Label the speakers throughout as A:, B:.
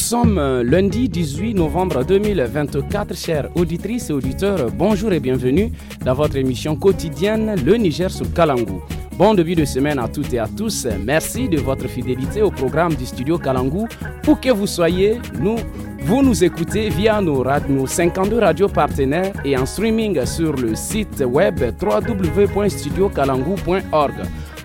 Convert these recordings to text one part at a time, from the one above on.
A: Nous sommes euh, lundi 18 novembre 2024. chers auditrices et auditeurs, bonjour et bienvenue dans votre émission quotidienne Le Niger sur Kalangou. Bon début de semaine à toutes et à tous. Merci de votre fidélité au programme du studio Kalangou. Pour que vous soyez, nous, vous nous écoutez via nos, 52 radios partenaires et en streaming sur le site web www.studiokalangou.org.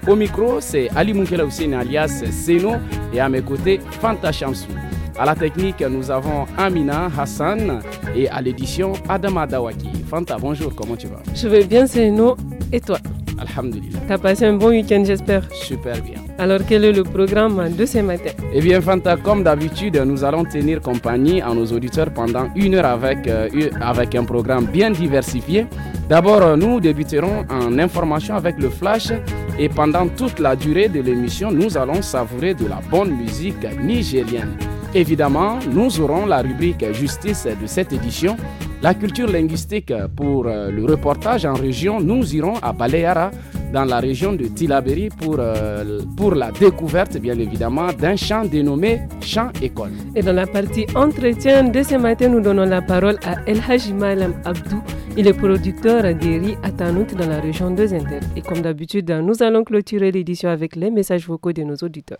A: Au micro, c'est Ali Moukela alias Seno et à mes côtés, Fanta Chamsou. À la technique, nous avons Amina Hassan et à l'édition Adama Dawaki. Fanta, bonjour, comment tu vas Je vais bien, c'est nous. Et toi Alhamdulillah. T'as passé un bon week-end, j'espère Super
B: bien. Alors, quel est le programme de ce matin
A: Eh bien, Fanta, comme d'habitude, nous allons tenir compagnie à nos auditeurs pendant une heure avec, euh, avec un programme bien diversifié. D'abord, euh, nous débuterons en information avec le flash et pendant toute la durée de l'émission, nous allons savourer de la bonne musique nigérienne. Évidemment, nous aurons la rubrique justice de cette édition. La culture linguistique pour euh, le reportage en région, nous irons à Baleara, dans la région de Tilaberi, pour, euh, pour la découverte, bien évidemment, d'un champ dénommé Champ École.
B: Et dans la partie entretien de ce matin, nous donnons la parole à El Haji Malam Abdou. Il est producteur riz à Tanout, dans la région de Zinder. Et comme d'habitude, nous allons clôturer l'édition avec les messages vocaux de nos auditeurs.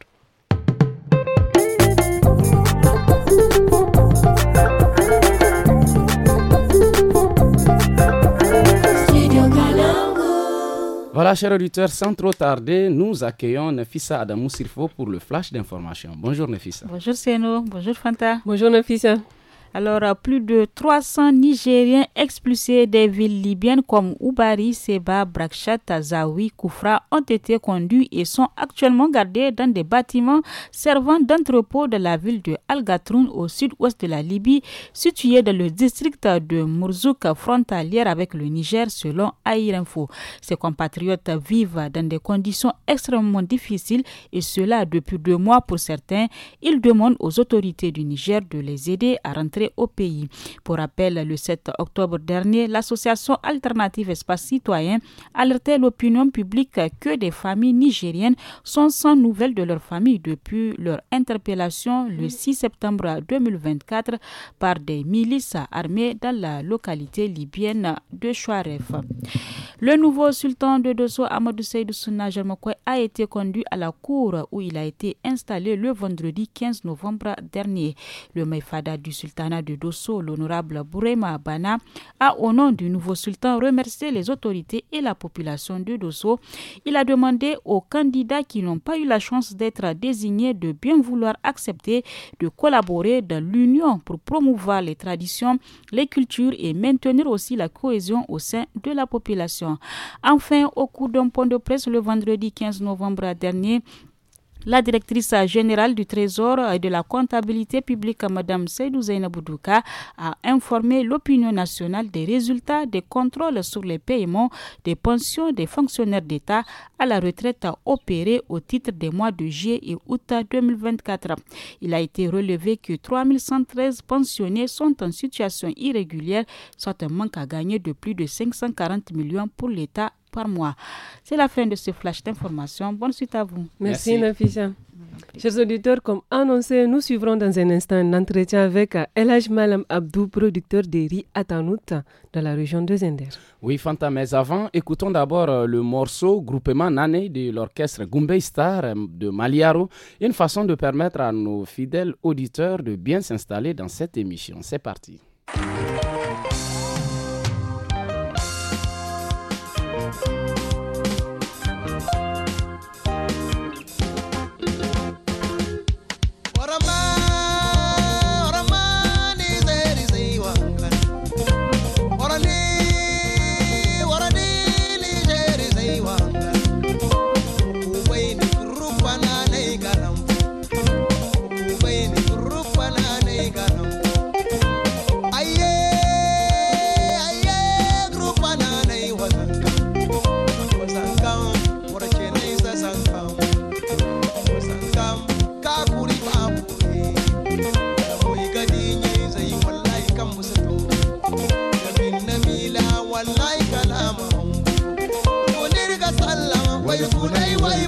A: Voilà, chers auditeurs, sans trop tarder, nous accueillons Nefissa Adamou Sirfo pour le flash d'information. Bonjour Nefissa.
C: Bonjour Seno, bonjour Fanta. Bonjour Nefissa. Alors, plus de 300 Nigériens expulsés des villes libyennes comme Oubari, Seba, Brakchat, Tazawi, Koufra ont été conduits et sont actuellement gardés dans des bâtiments servant d'entrepôt de la ville de Al-Gatroun au sud-ouest de la Libye, située dans le district de Mourzouk, frontalière avec le Niger, selon Air Info. Ses compatriotes vivent dans des conditions extrêmement difficiles et cela depuis deux mois pour certains. Ils demandent aux autorités du Niger de les aider à rentrer au pays. Pour rappel, le 7 octobre dernier, l'association Alternative Espace Citoyen alertait l'opinion publique que des familles nigériennes sont sans nouvelles de leur famille depuis leur interpellation le 6 septembre 2024 par des milices armées dans la localité libyenne de Chouaref. Le nouveau sultan de Dosso, Amadou Seydou Souna a été conduit à la cour où il a été installé le vendredi 15 novembre dernier. Le maïfada du sultanat de Dosso, l'honorable Bourema Bana, a au nom du nouveau sultan remercié les autorités et la population de Dosso. Il a demandé aux candidats qui n'ont pas eu la chance d'être désignés de bien vouloir accepter de collaborer dans l'Union pour promouvoir les traditions, les cultures et maintenir aussi la cohésion au sein de la population. Enfin, au cours d'un point de presse le vendredi 15 novembre dernier, la directrice générale du Trésor et de la comptabilité publique, Mme Seydou Boudouka, a informé l'opinion nationale des résultats des contrôles sur les paiements des pensions des fonctionnaires d'État à la retraite opérés au titre des mois de juillet et août 2024. Il a été relevé que 3113 pensionnés sont en situation irrégulière, soit un manque à gagner de plus de 540 millions pour l'État par C'est la fin de ce flash d'information. Bonne suite à vous. Merci, Nafisa.
B: Chers auditeurs, comme annoncé, nous suivrons dans un instant un entretien avec Elhaj Malam Abdou, producteur des riz Atanout dans la région de Zender.
A: Oui, Fanta, mais avant, écoutons d'abord euh, le morceau Groupement Nané de l'orchestre Gumbay Star euh, de Maliaro, une façon de permettre à nos fidèles auditeurs de bien s'installer dans cette émission. C'est parti.
D: fuunee wayi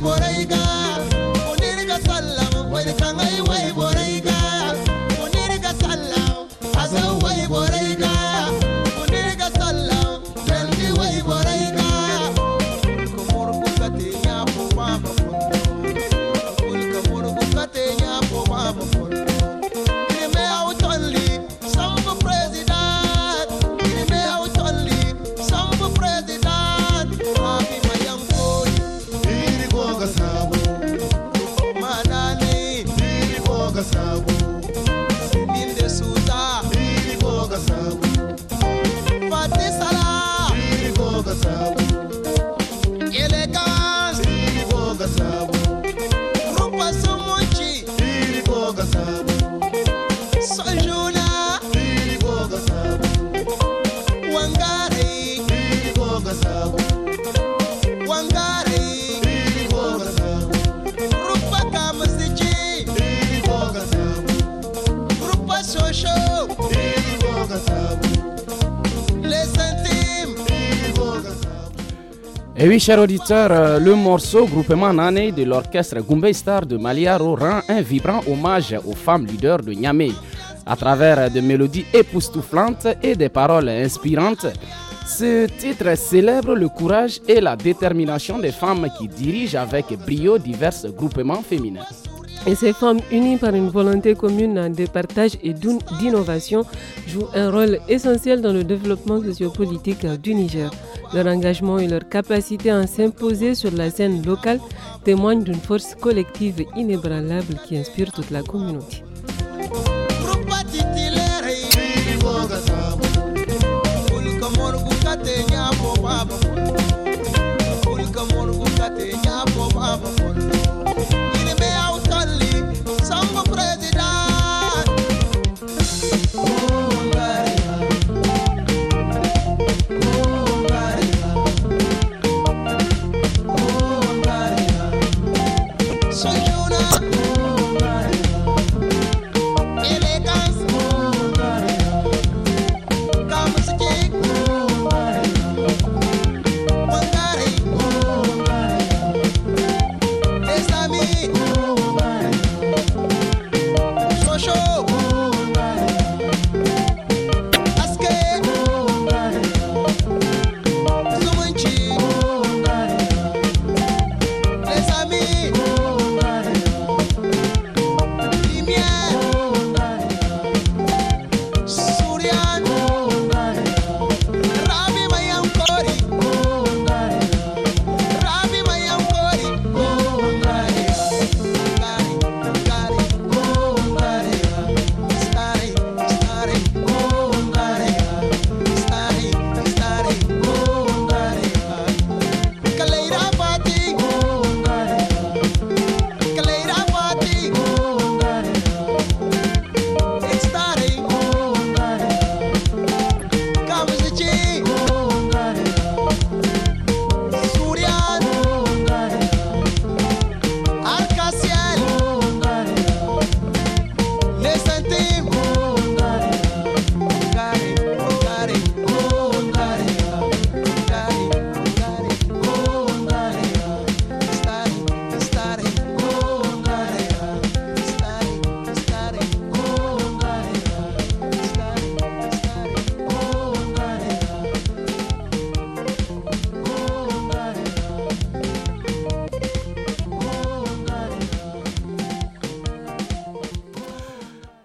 A: Mes chers auditeurs, euh, le morceau Groupement Nané de l'orchestre Goumbé Star de Maliaro rend un vibrant hommage aux femmes leaders de Niamey. À travers des mélodies époustouflantes et des paroles inspirantes, ce titre célèbre le courage et la détermination des femmes qui dirigent avec brio divers groupements féminins. Et ces femmes, unies par une volonté commune de partage et
B: d'innovation, jouent un rôle essentiel dans le développement sociopolitique du Niger. Leur engagement et leur capacité à s'imposer sur la scène locale témoignent d'une force collective inébranlable qui inspire toute la communauté.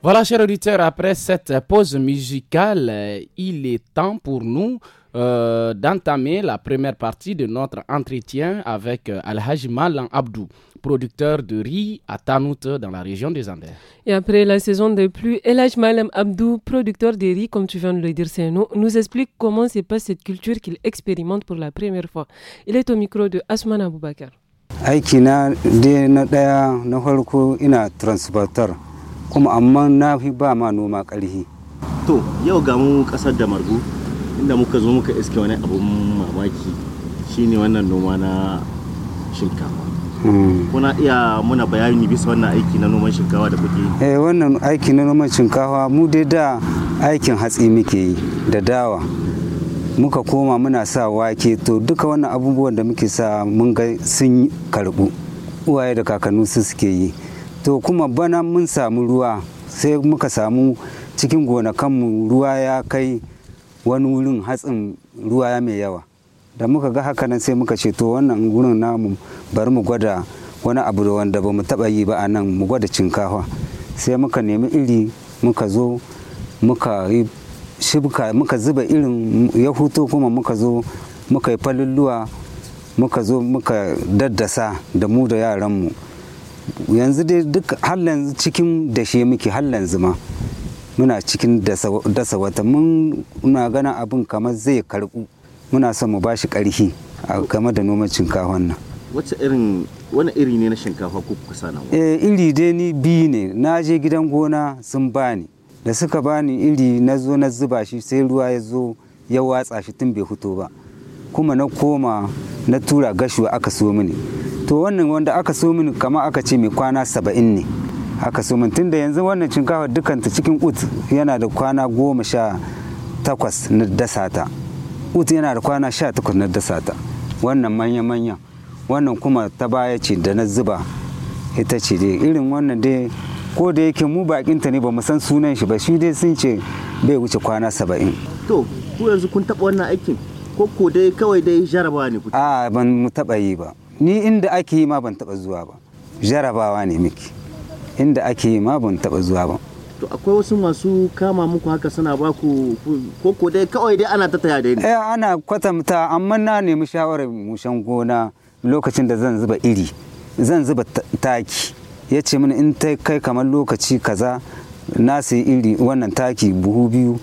A: Voilà, chers auditeurs, après cette pause musicale, euh, il est temps pour nous euh, d'entamer la première partie de notre entretien avec euh, Al-Hajj Abdou, producteur de riz à Tanout dans la région des Andes.
B: Et après la saison de pluies, El-Hajj Abdou, producteur de riz, comme tu viens de le dire, nous, explique comment se passe cette culture qu'il expérimente pour la première fois. Il est au micro de Asman Aboubakar.
E: kuma amma na fi ba ma noma ƙarfi to yau ga mu ƙasar da margu inda muka zo muka iske wani abun
F: mamaki shine wannan noma na shinkafa hmm. kuna iya muna bayani bisa wannan aiki na noman shinkawa da kuke yi
E: eh wannan aiki na noman shinkawa mu dai da aikin hatsi muke yi da dawa muka koma muna sa wake to duka wannan abubuwan da muke sa mun ga sun karbu uwaye da kakannu su suke yi to kuma bana mun samu ruwa sai muka samu cikin gonakanmu ruwa ya kai wani wurin hatsin ruwa ya mai yawa da muka ga hakanan sai muka ce to wannan wurin namu bari mu gwada wani abu da wanda ba mu taɓa yi ba a nan mu gwada cinkawa sai muka nemi iri muka zo muka yi shibka muka zuba irin ya hutu kuma muka zo muka yi falulluwa muka zo muka daddasa da mu da yaranmu yanzu dai duk hallan cikin dashe muke hallan zuma muna cikin dasa wata mun gana abin kamar zai karbu muna son mu bashi karhi a game da noman shinkafa nan
F: wace irin wani iri ne na shinkafa
E: ko kuka sana eh iri dai ni biyu ne na je gidan gona sun bani da suka bani iri na zo na zuba shi sai ruwa ya zo ya watsa shi tun bai fito ba kuma na koma na tura gashuwa aka so mini to wannan wanda aka so min kama aka ce mai kwana saba'in ne aka so min tunda yanzu wannan shinkafa dukanta cikin ut yana da kwana goma sha takwas na dasa ta ut yana da kwana sha takwas na dasa ta wannan manya-manya wannan kuma ta baya ce da na zuba ita ce dai irin wannan dai ko da yake mu bakinta ne ba mu san sunan shi ba shi dai sun ce bai wuce kwana saba'in to ku yanzu kun taɓa wannan aikin ko ko dai kawai dai jaraba ne ku a ban mu taɓa yi ba ni inda ake yi ma ban taɓa zuwa ba jarabawa ne miki inda ake yi ma ban taɓa zuwa ba to akwai wasu masu kama muku haka suna ba ku koko dai kawai dai ana ta taya dai eh ana kwatamta amma na nemi shawarar mushan gona lokacin da zan zuba iri zan zuba taki yace ce mini in ta kai kamar lokaci kaza na sayi iri wannan taki buhu biyu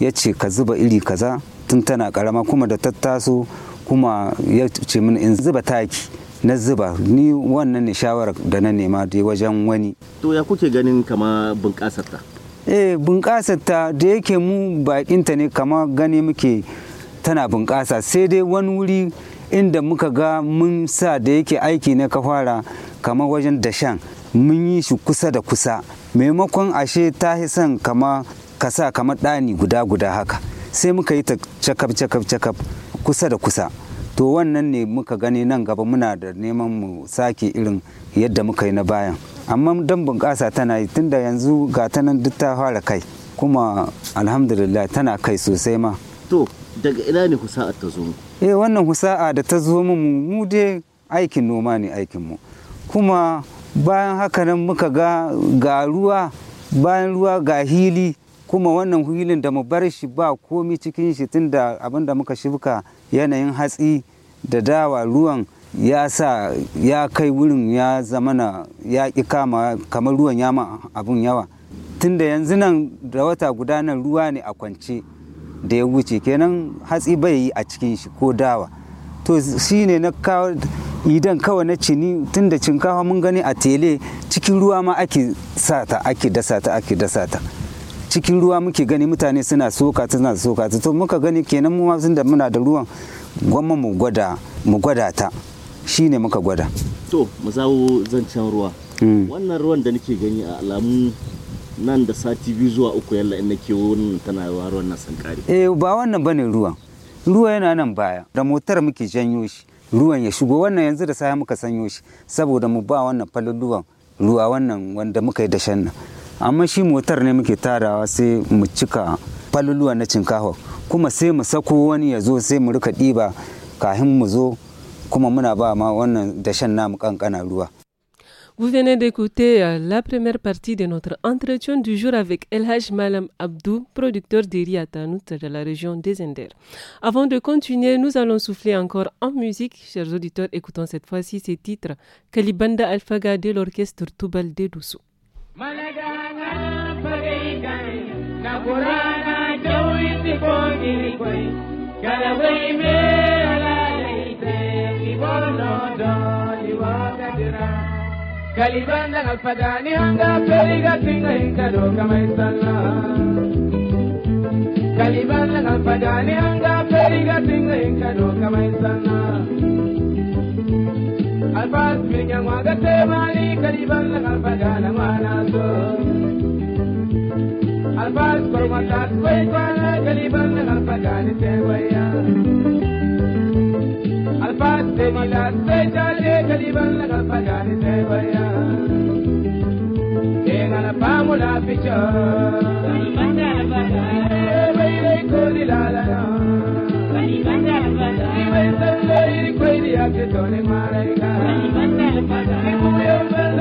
E: yace ka zuba iri kaza tun tana karama kuma da tattaso kuma ya ce mini in zuba taki na zuba ni wannan ne shawarar da na nema dai wajen wani
F: to ya kuke ganin kama bunƙasar ta
E: eh bunƙasar ta da yake mu bakinta ne kama gani muke tana bunƙasa sai dai wani wuri inda muka ga mun sa da yake aiki na kafara kama wajen dashen mun yi shi kusa da kusa maimakon ashe ta son kama kasa kama ɗani guda guda haka sai muka yi ta cakaf cakaf cakaf kusa da kusa to wannan ne muka gani nan gaba muna da neman mu sake irin yadda muka yi na bayan amma don bunƙasa tana yi tunda yanzu ga ta nan duk ta fara kai kuma alhamdulillah tana kai sosai ma to daga ina ne husa'a ta zo eh wannan husa'a da ta zo mu mu dai aikin noma ne aikin mu kuma bayan haka nan muka ga ga ruwa bayan ruwa ga hili kuma wannan hilin da mu bar shi ba komi cikin shi tun da abin da muka shibka yanayin hatsi da dawa ruwan ya sa ya kai wurin ya zamana ya ƙi kama kamar ruwan ya ma abin yawa tun da yanzu nan da wata guda ruwa ne a kwance da ya wuce kenan hatsi bai yi a cikin shi ko dawa to shi ne na kawo idan kawai na cini tun da cinkawa mun gani a tele cikin ruwa ma ake sata ake dasa ta ake dasa ta cikin ruwa muke gani mutane suna soka suna soka to muka gani kenan mu sun da muna da ruwan gwamma mu gwada mu gwada ta shine muka gwada to
F: mu zawo zancen ruwa hmm. wannan ruwan da nake gani a alamu nan da sati biyu zuwa uku yalla in
E: nake wurin tana yawa ruwan nan sankari eh ba wannan bane ruwan ruwa yana nan baya da motar muke janyo shi ruwan ya shigo wannan yanzu da sai muka sanyo shi saboda mu ba wannan falulluwan ruwa wannan wanda muka yi dashen nan Vous venez
B: d'écouter euh, la première partie de notre entretien du jour avec Elhaj Malam Abdou, producteur de Riatanout de la région des Enders. Avant de continuer, nous allons souffler encore en musique. Chers auditeurs, écoutons cette fois-ci ces titres Kalibanda Alfaga de l'orchestre Toubal de Doussou.
G: magaitan na kurana jawin ti ko girikoy
H: galaway me alalite libono do liwakadira
G: kalibanda alfadani hanga periga tinga inkado kamaisalla kalibanda alfadani hanga periga tinga inkado kamaisalla alfas minya mwagate mali kalibanda alfadana manaso
H: alfaz kormatat kwai kwana galiban alfajani sai waya
G: alfaz kormatat sai jale galiban alfajani sai waya Dengan pamu la picha, kalibanda bada, bay bay kodi la la, kalibanda bada, bay bay kodi akitoni marika, kalibanda bada,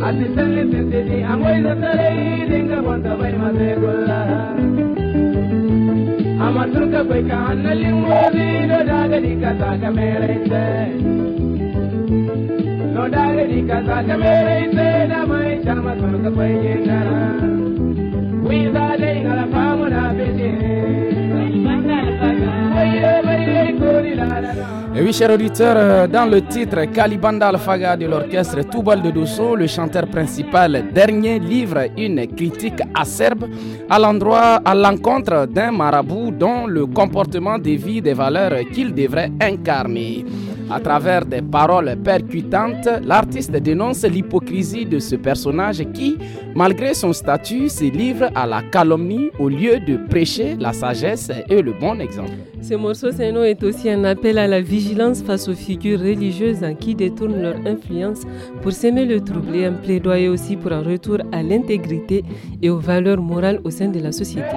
G: a bisalli sisidi a moyda sarai dinga bonta mai masai gulla a matun ka bai ka hannalin wobi no dagadi ka saka mai no dagadi ka saka mai raita da mai charma sun ka bai yin gara wi za dai ngala
A: oui, chers auditeurs, euh, dans le titre Kalibanda Alfaga de l'orchestre Toubal de Dosso, le chanteur principal dernier livre une critique acerbe à l'endroit, à l'encontre d'un marabout dont le comportement dévie des valeurs qu'il devrait incarner. À travers des paroles percutantes, l'artiste dénonce l'hypocrisie de ce personnage qui, malgré son statut, se livre à la calomnie au lieu de prêcher la sagesse et le bon exemple.
B: Ce morceau saino est aussi un appel à la vigilance face aux figures religieuses qui détournent leur influence pour s'aimer le trouble et un plaidoyer aussi pour un retour à l'intégrité et aux valeurs morales au sein de la société.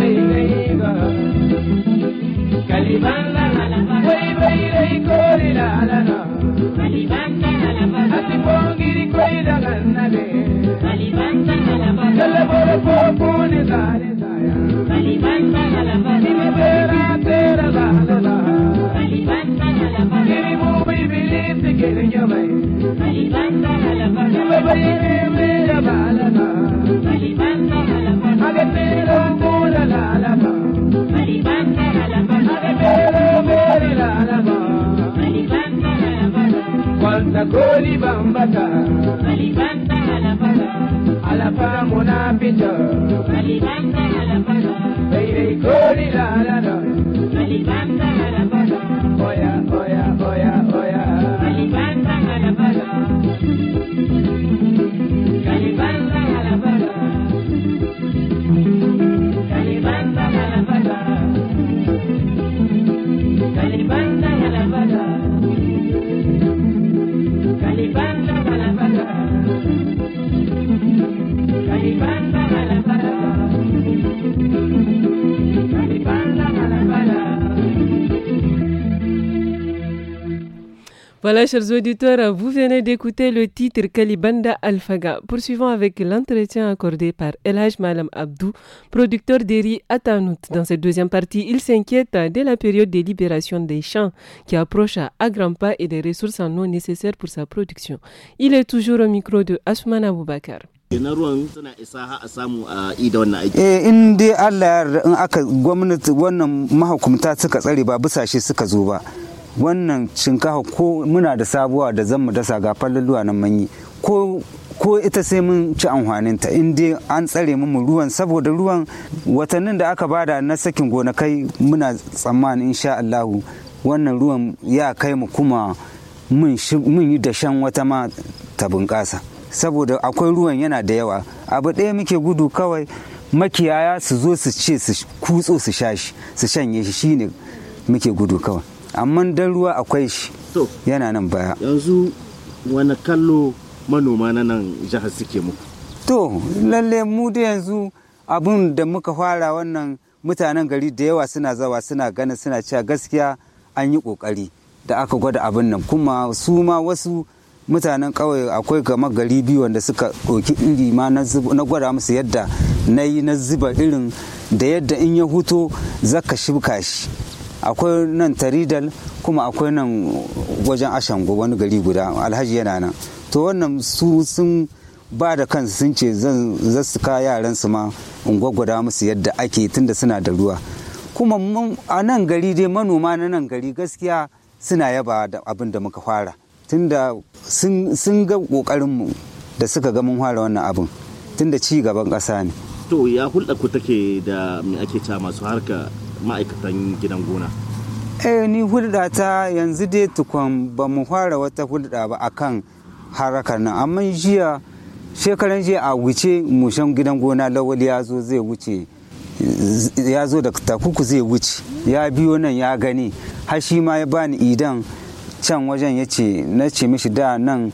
B: ¡Mamá! chers auditeurs, vous venez d'écouter le titre Kalibanda Alfaga. Poursuivons avec l'entretien accordé par Elhaj Malam Abdou, producteur des riz Atanout. Dans cette deuxième partie, il s'inquiète de la période de libération des champs qui approche à grands pas et des ressources en eau nécessaires pour sa production. Il est toujours au micro de Ashman Aboubakar.
F: Eh,
E: wannan shinkafa ko muna da sabuwa da zan mu dasa ga falaluwa nan manyi ko ko ita sai mun ci amfaninta in dai an tsare mu ruwan saboda ruwan watannin da aka bada na sakin gonakai muna tsammanin insha Allahu wannan ruwan ya kai mu kuma mun yi da shan wata ma ta bunƙasa saboda akwai ruwan yana da yawa abu ɗaya muke gudu kawai makiyaya su zo su ce su kutso su shashi su shanye shi shine muke gudu kawai amma dan ruwa akwai shi yana nan baya yanzu wani kallo manoma na nan jihar suke muku to lalle mu da yanzu abun da muka fara wannan mutanen gari da yawa suna zawa suna ganin suna cewa gaskiya an yi kokari da aka gwada abin nan kuma su ma wasu mutanen kawai akwai gama gari biyu wanda suka ɗauki iri ma na gwada musu yadda na yi na zuba irin da yadda in ya huto zaka shibka shi akwai nan taridal kuma akwai nan wajen ashango wani gari guda alhaji yana nan to wannan su sun ba da kansu sun ce zan su ka yaran su ma in gwaggwada musu yadda ake tunda suna da ruwa kuma a nan gari dai manoma na nan gari gaskiya suna yaba da abin da muka fara tunda sun ga kokarin da suka ga mun fara wannan abin tunda ci gaban kasa ne
F: to ya hulɗa ku take da me ake ta masu harka ma'aikatan gidan gona
E: eh ni hulɗa ta yanzu dai tukun ba mu fara wata hulɗa ba akan harakar nan amma jiya shekaran jiya a wuce mushen gidan gona lawal ya zo zai wuce ya zo da takuku zai wuce ya biyo nan ya gani har shi ma ya bani idan can wajen ya ce na ce mishi da nan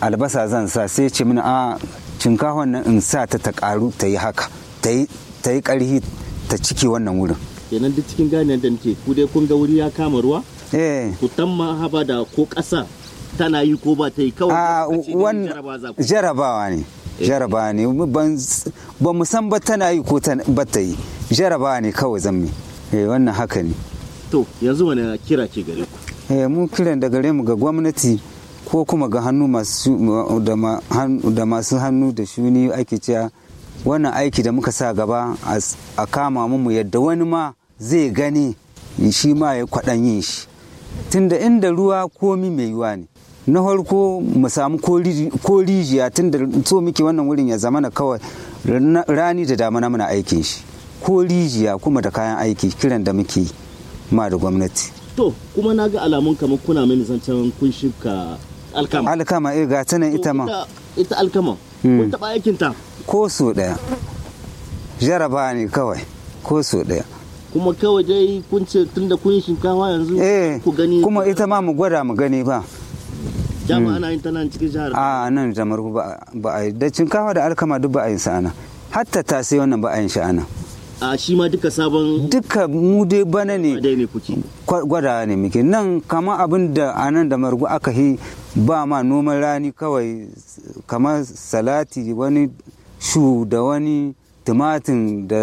E: albasa zan sa sai ce mini a shinkafon nan in sa ta ta karu ta yi haka ta yi karhi ta cike wannan wurin kenan duk cikin ganiyar da nake ku dai kun ga wuri ya kama ruwa eh. ku tamma haba da ko
F: ƙasa tana yi ko ba ta yi kawai ah,
E: jarabawa ne eh. jarabawa ne ba mu san ba tana yi ko ba ta yi jarabawa ne kawai zamme e eh, wannan haka ne
F: to yanzu wani kira ke gare ku
E: eh mun kiran da gare mu ga gwamnati ko kuma ga hannu masu da masu hannu da shuni ake cewa wannan aiki da muka sa gaba a kama mu yadda wani ma zai gani shi ma ya kwaɗan yin shi tunda inda ruwa komi mai yiwa ne na farko mu samu ko rijiya tunda so muke wannan wurin ya zamana kawai rani da damana muna aikin shi ko rijiya kuma da kayan aiki kiran da muke ma da gwamnati
F: to kuma na ga alamun kamar kuna mai zancen
E: kun shifka alkama alkama eh ga ta nan ita ma ita alkama kun hmm. taba aikin ta ko so daya jaraba ne kawai ko so daya kuma kawai dai kun ce tun da kun yi shinkawa yanzu eh, ku gani kuma ita ma mu gwada mu gani ba jama'a hmm. ana yin tana cikin jihar a nan jamar ba a yi da shinkawa da alkama duk ba a yi sa'ana hatta ta sai wannan ba a yin sha'ana a shi ma duka sabon duka mu dai bana ne gwada ne muke nan kama abin da a nan da margu aka yi ba ma noman rani kawai kamar salati wani shu da wani tumatin da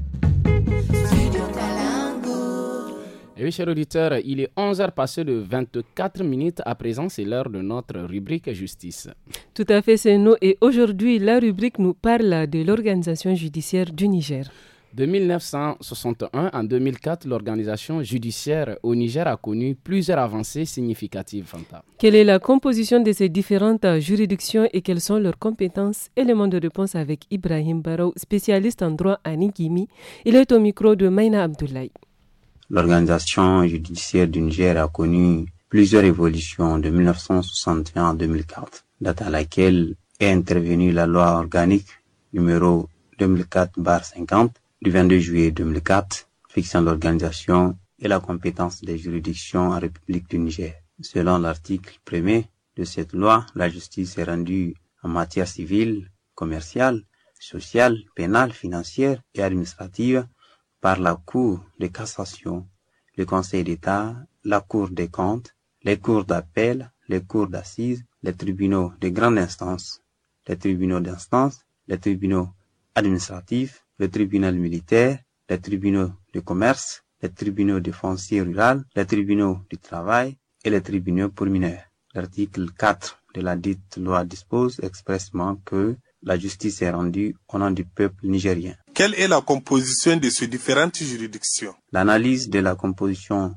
A: Eh oui, chers auditeurs, il est 11h passé de 24 minutes. À présent, c'est l'heure de notre rubrique justice.
B: Tout à fait, c'est nous. Et aujourd'hui, la rubrique nous parle de l'organisation judiciaire du Niger.
A: De 1961 en 2004, l'organisation judiciaire au Niger a connu plusieurs avancées significatives.
B: Quelle est la composition de ces différentes juridictions et quelles sont leurs compétences Élément de réponse avec Ibrahim Barou, spécialiste en droit à Nigimi. Il est au micro de Maina Abdoulaye
I: l'organisation judiciaire du Niger a connu plusieurs évolutions de 1961 à 2004, date à laquelle est intervenue la loi organique numéro 2004-50 du 22 juillet 2004, fixant l'organisation et la compétence des juridictions en République du Niger. Selon l'article 1 de cette loi, la justice est rendue en matière civile, commerciale, sociale, pénale, financière et administrative par la Cour de cassation, le Conseil d'État, la Cour des comptes, les cours d'appel, les cours d'assises, les tribunaux de grande instance, les tribunaux d'instance, les tribunaux administratifs, le tribunal militaire, les tribunaux de commerce, les tribunaux de foncier rural, les tribunaux du travail et les tribunaux pour mineurs. L'article 4 de la dite loi dispose expressement que la justice est rendue au nom du peuple nigérien. Quelle est la composition de ces différentes juridictions L'analyse de la composition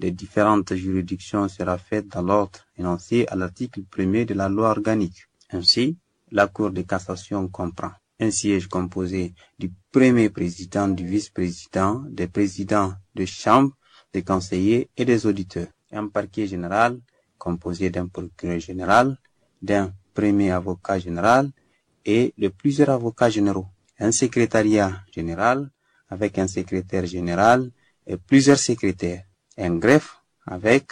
I: des différentes juridictions sera faite dans l'ordre énoncé à l'article 1er de la loi organique. Ainsi, la Cour de cassation comprend un siège composé du premier président, du vice-président, des présidents de chambre, des conseillers et des auditeurs. Un parquet général composé d'un procureur général, d'un premier avocat général, et de plusieurs avocats généraux, un secrétariat général avec un secrétaire général et plusieurs secrétaires, un greffe avec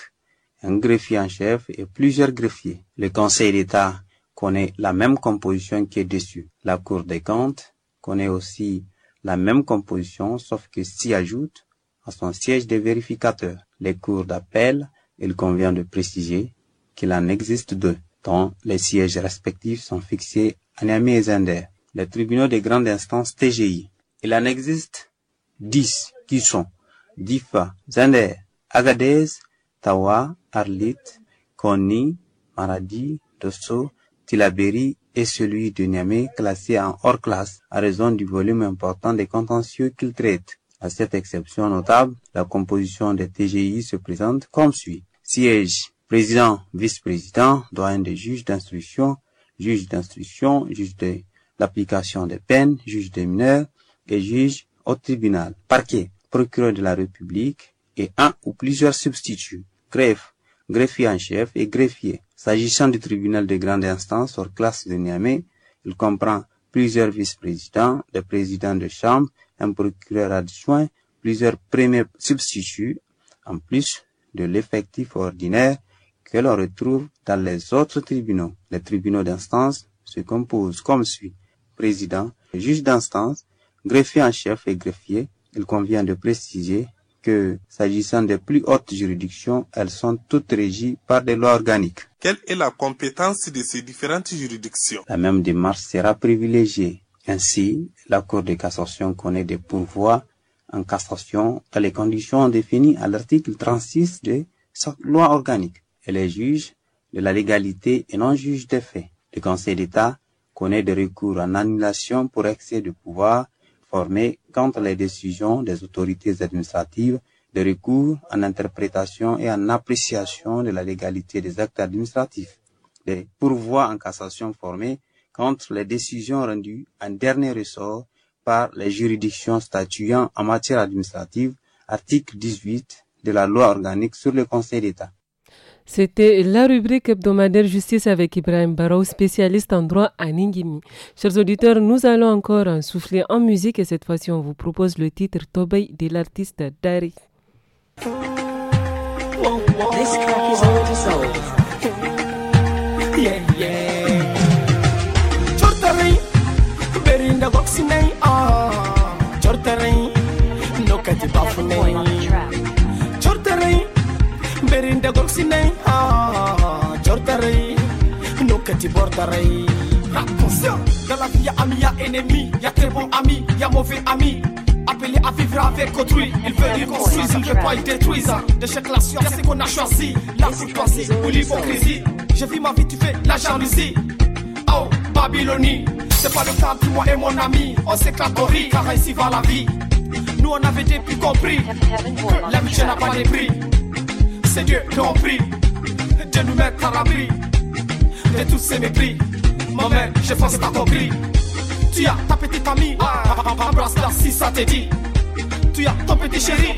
I: un greffier en chef et plusieurs greffiers. Le Conseil d'État connaît la même composition qui est dessus. La Cour des comptes connaît aussi la même composition, sauf que s'y ajoute à son siège des vérificateurs. Les cours d'appel, il convient de préciser qu'il en existe deux, dont les sièges respectifs sont fixés en Niamey les tribunaux de grande instance TGI. Il en existe dix qui sont Difa, Zender, Agadez, Tawa, Arlit, Koni, Maradi, Dosso, Tilaberi et celui de Niamey classé en hors classe à raison du volume important des contentieux qu'il traite. À cette exception notable, la composition des TGI se présente comme suit. Siège, président, vice-président, doyen des juges d'instruction, juge d'instruction, juge de l'application des peines, juge des mineurs et juge au tribunal, parquet, procureur de la République et un ou plusieurs substituts, greffe, greffier en chef et greffier. S'agissant du tribunal de grande instance hors classe de Niamey, il comprend plusieurs vice-présidents, des présidents de chambre, un procureur adjoint, plusieurs premiers substituts, en plus de l'effectif ordinaire que l'on retrouve dans les autres tribunaux. Les tribunaux d'instance se composent comme suit. Président, juge d'instance, greffier en chef et greffier. Il convient de préciser que, s'agissant des plus hautes juridictions, elles sont toutes régies par des lois organiques. Quelle est la compétence de ces différentes juridictions La même démarche sera privilégiée. Ainsi, la Cour de cassation connaît des pouvoirs en cassation dans les conditions définies à l'article 36 de cette loi organique elle est juge de la légalité et non juge des faits. Le Conseil d'État connaît des recours en annulation pour excès de pouvoir formés contre les décisions des autorités administratives, des recours en interprétation et en appréciation de la légalité des actes administratifs, des pourvois en cassation formés contre les décisions rendues en dernier ressort par les juridictions statuant en matière administrative, article 18 de la loi organique sur le Conseil d'État.
B: C'était la rubrique hebdomadaire Justice avec Ibrahim Barrow, spécialiste en droit à Ningimi. Chers auditeurs, nous allons encore souffler en musique et cette fois-ci, on vous propose le titre Tobey de l'artiste Dari
J: garin da goksinai ha jortare nokati bortare attention dans la vie y'a ami y'a ennemi y'a très bon ami y'a mauvais ami appelé à vivre avec autrui. il veut dire qu'on il ne pas ils détruise De chaque nation, c'est qu'on a choisi. La courtoisie ou l'hypocrisie. Je vis ma vie, tu fais la jalousie. Oh, Babylonie, c'est pas le cas de moi et mon ami. On s'éclate au riz car ici va la vie. Nous on avait plus compris
H: que l'amitié n'a pas de
J: prix. Seigneur qu'on prie de nous mettre à l'abri de tous ces mépris. mère, je pense que t'as compris. Tu as ta petite amie, embrasse-la ah, ah, ah, si ça te dit. Tu as ton petit chéri,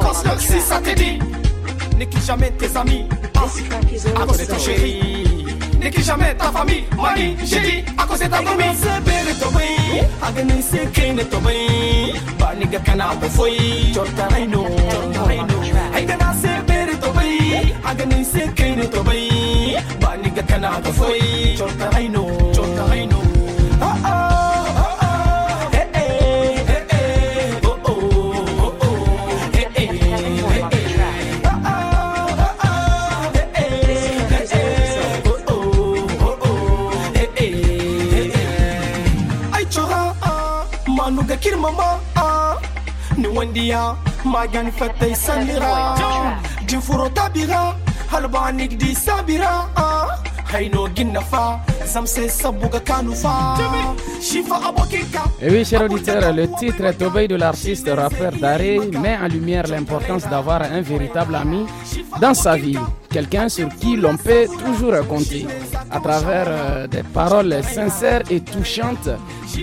J: cosse le si ça te dit. N'écris jamais tes amis, à cause de ton chéri. N'écris jamais ta famille, mamie, j'ai dit, à cause de ta famille. Agni se kene to bai, ba ni ga kana ko foi, chorta reino, chorta reino. Ai agani sekeno tobay baniga kana tofay chorta aino chorta aino ah ah manuga kirmama ni wandiya magani fatai sanira Eh
A: Et oui cher auditeur, le titre Tobey de l'artiste rappeur Daré met en lumière l'importance d'avoir un véritable ami dans sa vie quelqu'un sur qui l'on peut toujours compter. À travers euh, des paroles sincères et touchantes,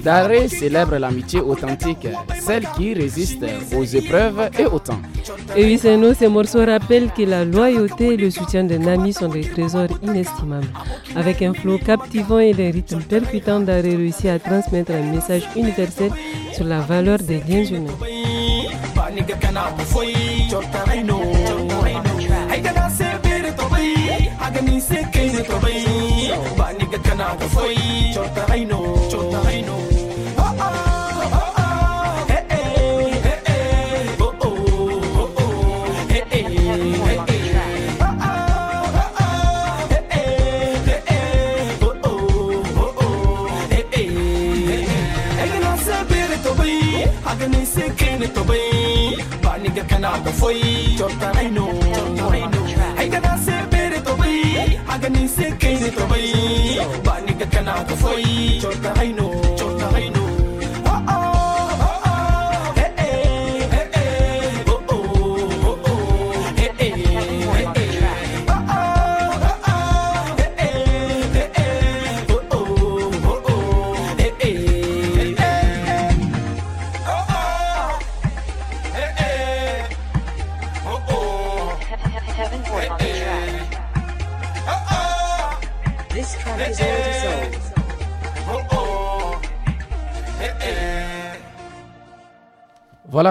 A: Daré célèbre l'amitié authentique, celle qui résiste aux épreuves et au temps. Et oui, c'est nous,
B: ces morceaux rappellent que la loyauté et le soutien d'un ami sont des trésors inestimables. Avec un flot captivant et des rythmes percutants, Daré réussit à transmettre un message universel sur la valeur des liens humains.
J: ni se kai na ka bai ba ni ga kana ka fai chota haino chota haino Hagan ni se kene to bai ba ni ga kana ka fai chota haino ka bai ba ni ga kana ko foyi to ka haino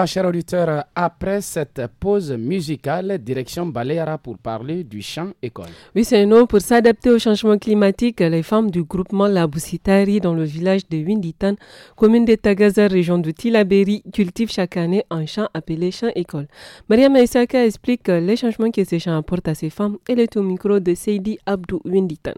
A: chers auditeurs, après cette pause musicale, direction Baleara pour parler du chant école.
B: Oui, c'est un nom pour s'adapter au changement climatique. Les femmes du groupement Labusitari dans le village de Winditan, commune de Tagaza, région de Tilaberi, cultivent chaque année un chant appelé chant école. Maria Maïsaka explique les changements que ce chant apporte à ces femmes. Elle est au micro de Seidi Abdou Winditan.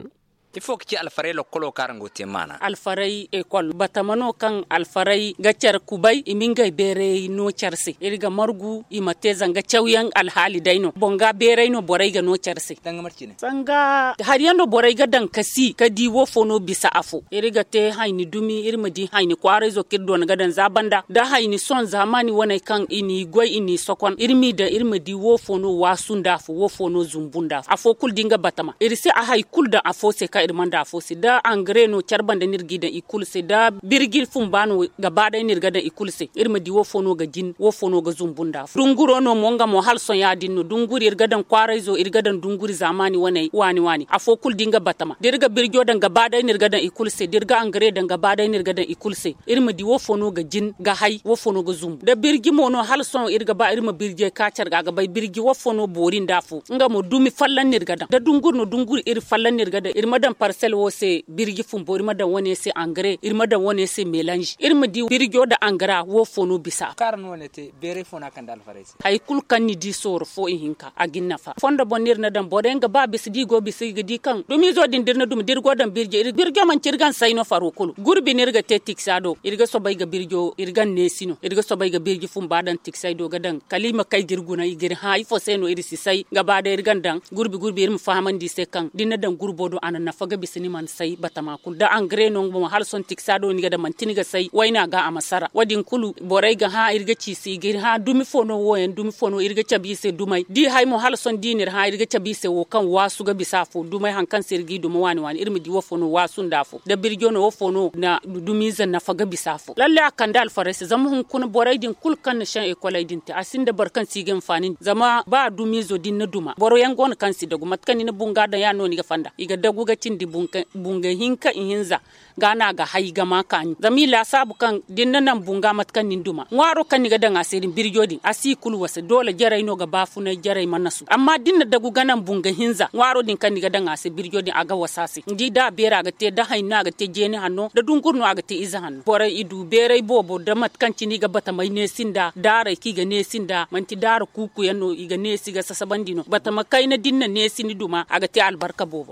K: il ki ci alfarai kar karango te mana alfarai e kol batamano kan alfarai ga char kubai iminga bere no charse irga margu imate zanga chawyan alhali daino bonga bere no borai ga no charse danga marcine sanga hariyano borai ga dan kasi kadi wo no bisa afo irga te haini dumi irma di haini kware zo kiddo na gadan zabanda da haini son zamani wonai kan ini gwai ini sokon irmi da irma di wo no wasunda fo wo no zumbunda afo kul dinga batama irse a hay kul da afo se ka irman manda fo si da angre no charban da nirgi da ikul si da birgi fumbano gaba da nirga da ikul si irma di wo no ga jin wo no ga zumbun da fo dunguro no mo nga mo hal son ya dinno dunguri irga dan kwarai zo irga dan dunguri zamani wane wani wani afo kul dinga batama dirga birjo dan gaba da nirga dan ikul si ga angre dan gaba da nirga dan ikul si irma di wo fo no ga jin ga hay wo no ga zumbu da birgi mono hal son ga ba irma birje kacar ga ga bay birgi wo fono borin da fo nga mo dumi fallan nirga dan da dungur no dungur ir fallan nirga da irma dan kan parcel wo se birigi funbo irima dan wone se engrais irima dan wone se mélange irima di birigi da engrais wo fonu bisa karn wone te bere fona kan dal farese hay kul kan ni di sor fo e hinka agin nafa fonda bonir na dan bode nga ba bis di go bis di kan dumi zo din dirna dum dirgo dan birigi birigi man cirgan sayno faru kul gurbi ga te tiksado irga so bayga birigi irgan nesino irga so ga birigi fumba dan tiksay do gadan kalima kay girguna igir ha ifo seno irisi say gaba da irgan dan gurbi gurbi irim fahamandi se kan dinna dan gurbodo anan nafa faga bisini man sai batama kun da an gre non ma har son tiksa do niga da man tiniga sai waina ga masara wadin kulu borai ga ha irga ci si gir ha dumi fono woyen dumi fono irga cabi se dumai di hay mo har son dinir ha irga cabi se wo kan wasu ga bisa fo dumai han kan sirgi dum wani wani irmi di wo fono wasu da fo da birjono wo fono na dumi zan na faga bisa fo lalle akan dal fares zama hun kun borai din kul kan na shan ekolai din ta asin da barkan sigen fanin zama ba dumi zo din na duma boro yan gon kan si da gumat kan ni bunga da ya no ni ga fanda iga dagu ga tin di bunga hinka hinza gana ga hay ga makani la sabu kan nan bunga matkan duma ngwaro kan ga danga sirin birjodin asi kulu wasa dole jarai no ga na jarai manasu amma dinna dagu ganan bunga hinza waro din kan ga danga sirin birjodin aga wasasi ndi da bera ga te da hayna ga te jeni hanno da dunkurno aga te iza hanno bore idu berai bobo da matkan cini ga bata mai ne sinda dara ki ga nesin sinda manti dara kuku yanno iga nesi ga sasabandino bata makai na ne sinidu duma aga te albarka bobo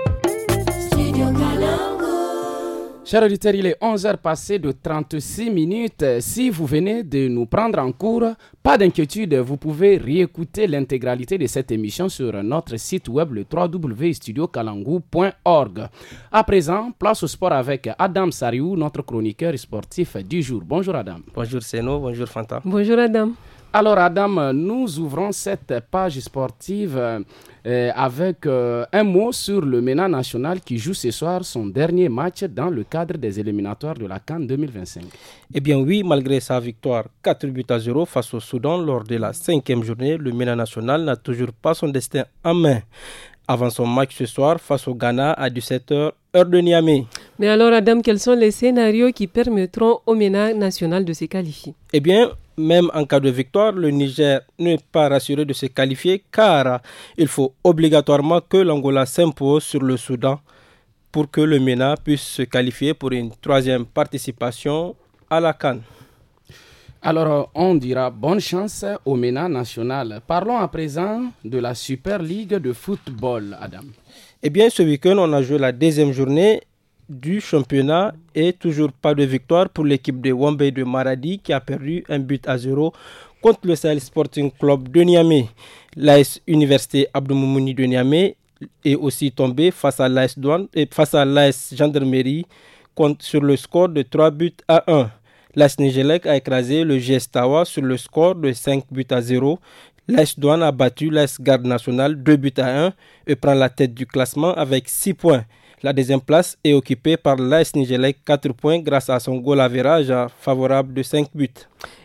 A: Chers auditeurs, il est 11h passé de 36 minutes. Si vous venez de nous prendre en cours, pas d'inquiétude, vous pouvez réécouter l'intégralité de cette émission sur notre site web le www.studiokalangu.org. À présent, place au sport avec Adam Sariou, notre chroniqueur sportif du jour. Bonjour Adam. Bonjour Seno, bonjour Fanta. Bonjour Adam. Alors Adam, nous ouvrons cette page sportive euh, avec euh, un mot sur le MENA national qui joue ce soir son dernier match dans le cadre des
L: éliminatoires de la Cannes 2025. Eh bien oui, malgré sa victoire 4 buts à 0 face au Soudan lors de la cinquième journée, le MENA national n'a toujours pas son destin en main avant son match ce soir face au Ghana à 17h, heure de Niamey.
B: Mais alors, Adam, quels sont les scénarios qui permettront au MENA national de se qualifier
L: Eh bien, même en cas de victoire, le Niger n'est pas rassuré de se qualifier car il faut obligatoirement que l'Angola s'impose sur le Soudan pour que le MENA puisse se qualifier pour une troisième participation à la Cannes. Alors, on dira bonne
A: chance au MENA national. Parlons à présent de la Super League de football,
L: Adam. Eh bien, ce week-end, on a joué la deuxième journée du championnat et toujours pas de victoire pour l'équipe de Wombe de Maradi qui a perdu un but à zéro contre le Sahel Sporting Club de Niamey. L'AS Université Abdoumouni de Niamey est aussi tombée face à l'AS euh, Gendarmerie contre, sur le score de 3 buts à 1. L'AS Nigelec a écrasé le Gestawa sur le score de 5 buts à 0. L'AS Douane a battu l'AS Garde Nationale 2 buts à 1 et prend la tête du classement avec 6 points. La deuxième place est occupée par l'AS Nigelec 4 points grâce à son goal virage favorable de 5 buts.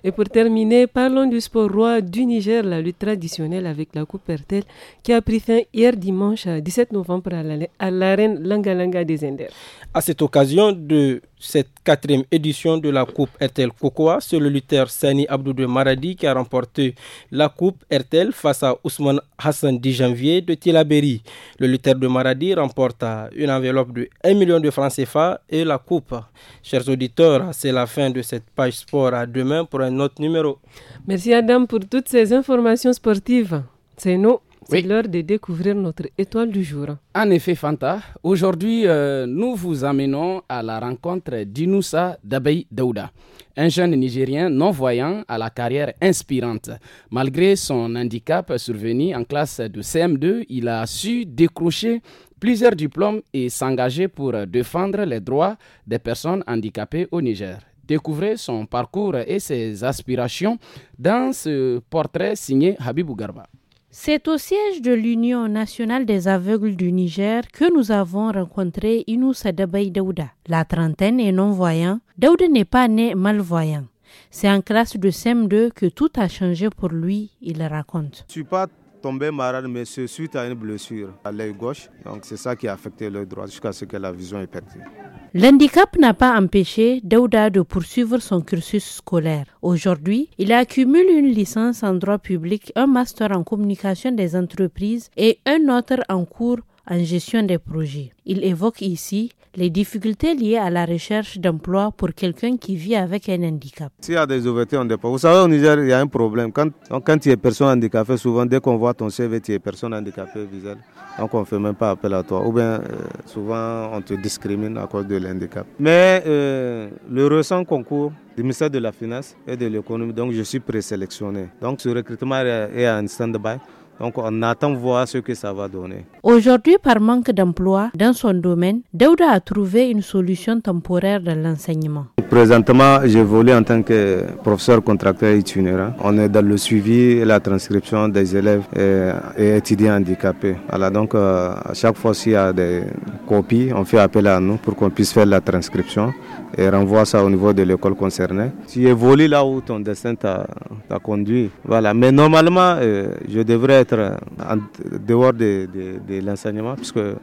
B: Et pour terminer, parlons du sport roi du Niger, la lutte traditionnelle avec la Coupe Pertel, qui a pris fin hier dimanche 17 euh, novembre e, à l'arène Langalanga des Enders.
L: À cette occasion de cette quatrième édition de la Coupe RTL Cocoa, c'est le lutteur Sani Abdou de Maradi qui a remporté la Coupe RTL face à Ousmane Hassan 10 janvier de Tilaberi. Le lutteur de Maradi remporte euh, une enveloppe de 1 million de francs CFA et la Coupe. Chers auditeurs, c'est la fin de cette page sport à demain pour un autre numéro. Merci
B: Adam pour toutes ces informations sportives. C'est nous. C'est l'heure de découvrir notre étoile du jour.
A: En effet, Fanta, aujourd'hui, euh, nous vous amenons à la rencontre d'Inoussa Dabei Daouda, un jeune Nigérien non-voyant à la carrière inspirante. Malgré son handicap survenu en classe de CM2, il a su décrocher plusieurs diplômes et s'engager pour défendre les droits des personnes handicapées au Niger. Découvrez son parcours et ses aspirations dans ce portrait signé Habibou Garba.
M: C'est au siège de l'Union nationale des aveugles du Niger que nous avons rencontré Inou Dabay Daouda. La trentaine et non-voyant. Daouda n'est pas né malvoyant. C'est en classe de sem 2 que tout a changé pour lui, il raconte
N: tombé malade, mais c'est suite à une blessure à l'œil gauche. Donc c'est ça qui a affecté l'œil droit jusqu'à ce que la vision est perdue.
M: L'handicap n'a pas empêché Daouda de poursuivre son cursus scolaire. Aujourd'hui, il accumule une licence en droit public, un master en communication des entreprises et un autre en cours en gestion des projets. Il évoque ici les difficultés liées à la recherche d'emploi pour quelqu'un qui vit avec un handicap.
N: S'il y a des ouvertures, on dépend. Vous savez, au Niger, il y a un problème. Quand, quand tu es personne handicapée, souvent, dès qu'on voit ton CV, tu es personne handicapée visuelle. Donc, on ne fait même pas appel à toi. Ou bien, euh, souvent, on te discrimine à cause de l'handicap. Mais euh, le récent concours du ministère de la Finance et de l'Économie, donc, je suis présélectionné. Donc, ce recrutement est en stand-by. Donc on attend voir ce que ça va donner.
M: Aujourd'hui, par manque d'emploi dans son domaine, Deuda a trouvé une solution temporaire dans l'enseignement.
N: Présentement, j'évolue en tant que professeur contracteur itinérant. On est dans le suivi et la transcription des élèves et, étudiants handicapés. Alors donc euh, à chaque fois s'il y a des copies, on fait appel à nous pour qu'on puisse faire la transcription et renvoie ça au niveau de l'école concernée. Tu évolues là où ton destin t'a conduit. Voilà. Mais normalement, euh, je devrais être dehors de, l'enseignement puisque euh,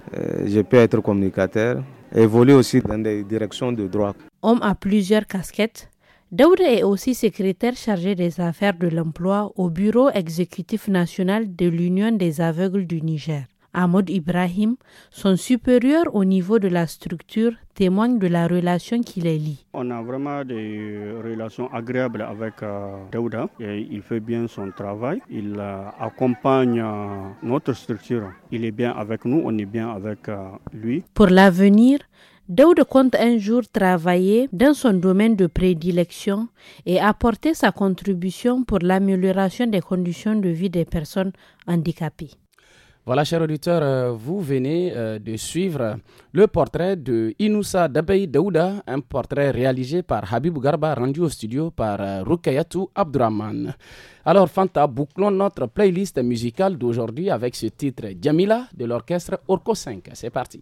N: je peux être communicateur évoluer aussi dans des directions de droit.
M: Homme à plusieurs casquettes, Daouda est aussi secrétaire chargé des affaires de l'emploi au Bureau exécutif national de l'Union des aveugles du Niger. Ahmad Ibrahim, son supérieur au niveau de la structure, témoigne de la relation qui les
F: lie. On a vraiment des relations agréables avec euh, Daouda. Et il fait
I: bien son travail. Il euh, accompagne euh, notre structure. Il est bien avec nous, on est bien avec lui.
M: Pour l'avenir, Daouda compte un jour travailler dans son domaine de prédilection et apporter sa contribution pour l'amélioration des conditions de vie des personnes handicapées.
A: Voilà, chers auditeurs, euh, vous venez euh, de suivre le portrait de Inoussa Dabei Daouda, un portrait réalisé par Habib Garba, rendu au studio par euh, Rukayatu Abdurrahman. Alors, Fanta, bouclons notre playlist musicale d'aujourd'hui avec ce titre Djamila de l'orchestre Orco 5. C'est parti.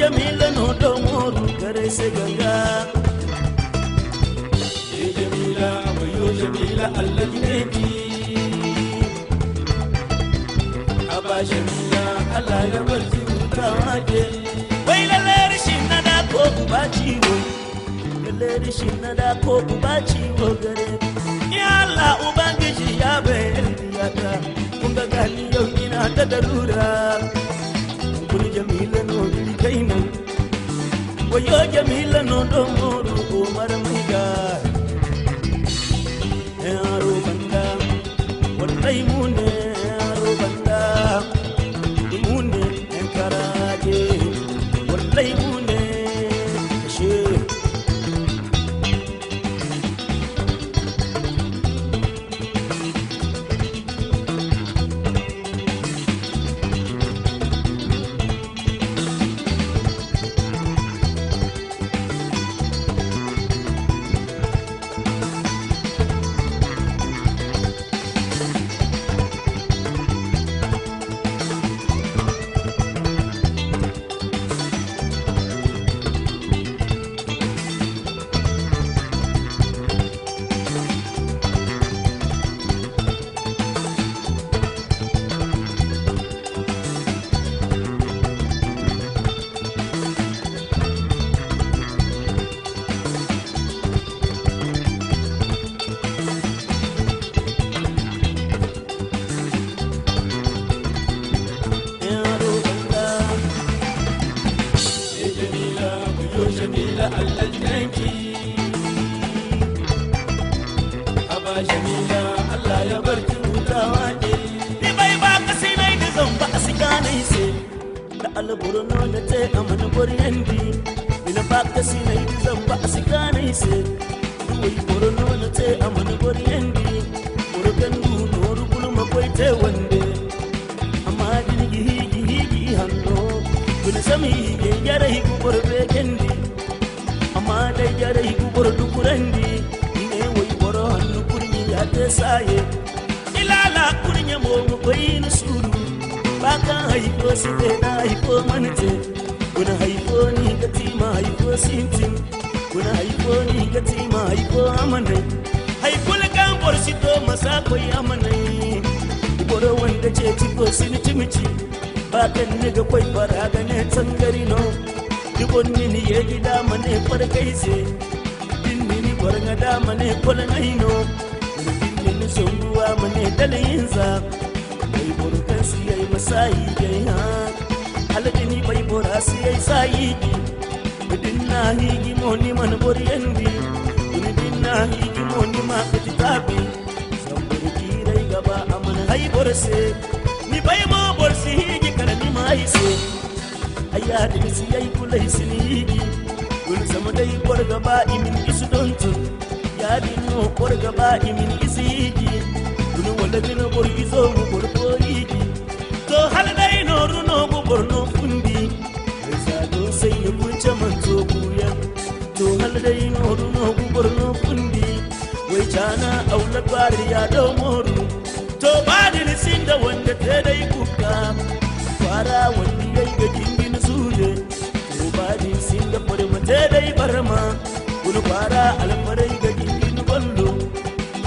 O: jamila no domoru kare se ganga ye jamila wayo jamila allah jineki aba jamila allah ya barci mutawade wai lalle rishin na da ko uba ciwo lalle rishin na da ko uba ciwo gare ni allah ubangiji ya bayar ya ta kun ga gani yau ina ta darura oyoje mile nodomo kuna haifo ni gati ma haifo amanai haifo na kan shi to masa koi amanai boro wanda ce ci ko sin cimici ba kan ne ga kwai fara ga ne tangari no dubon ni ni ye gida mane far kai se din ni ni bar ga da mane kol nai no din ni ni son ruwa mane dalin sa bai boro kan siyai masai dai ha halin ni bai bora siyai sai dinna higi moni man bori endi dun dinna higi moni ma kuti tabi sambar kirai gaba aman hai borse ni bai mo borsi higi kala ni mai se Aya din si ai kulai sin higi kul sama dai bor gaba imin isu don ya din mo bor gaba imin isi higi dun wala din bor izo mo bor bor higi to hal dai no runo go no. bariya domoru to badin sinda wanda ta dai kuka fara wanda ya ga gingin zure to badin sinda fari mata dai barma kulu fara alfarai ga gingin ballo